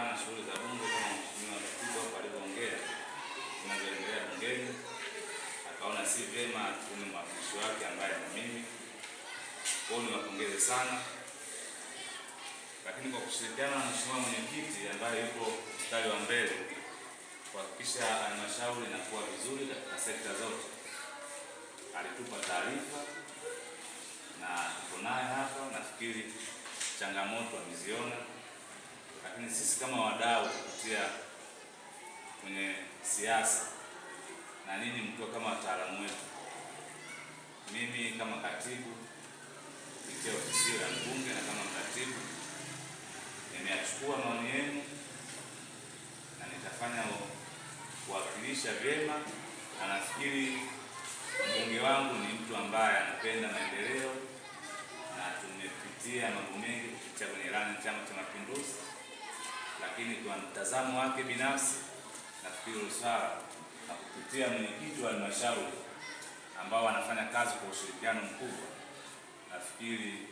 kutokana na shughuli za bunge kama mheshimiwa katibu hapo alivyoongea tunavyoendelea bungeni, akaona si vyema atume mwakilishi wake ambaye na mimi kwao, niwapongeze sana, lakini kwa kushirikiana na mheshimiwa mwenyekiti ambaye yuko mstari wa mbele kuhakikisha halmashauri inakuwa vizuri katika sekta zote, alitupa taarifa na tuko naye hapa. Nafikiri changamoto ameziona lakini sisi kama wadau kupitia kwenye siasa na nini, mkiwa kama wataalamu wetu, mimi kama katibu kupitia ofisi ya mbunge na kama mratibu, nimeyachukua maoni yenu na nitafanya kuwakilisha vyema, na nafikiri mbunge wangu ni mtu ambaye anapenda maendeleo na tumepitia mambo mengi kupitia kwenye ilani Chama cha Mapinduzi lakini kwa mtazamo wake binafsi nafikiri usara na kupitia mwenyekiti wa halmashauri ambao wanafanya kazi kwa ushirikiano mkubwa, nafikiri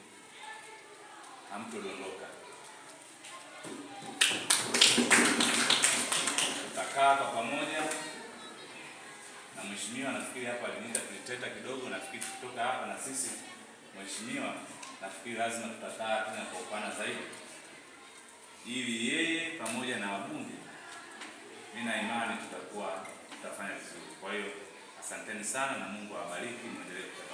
hamtodondoka, tutakaa kwa pamoja na mheshimiwa. Nafikiri hapa alinita kiteta kidogo, nafikiri kutoka hapa na sisi mheshimiwa, nafikiri lazima tutakaa tena kwa upana zaidi ili yeye pamoja na wabunge, nina imani tutakuwa tutafanya vizuri. Kwa hiyo asanteni sana na Mungu awabariki, mwendelee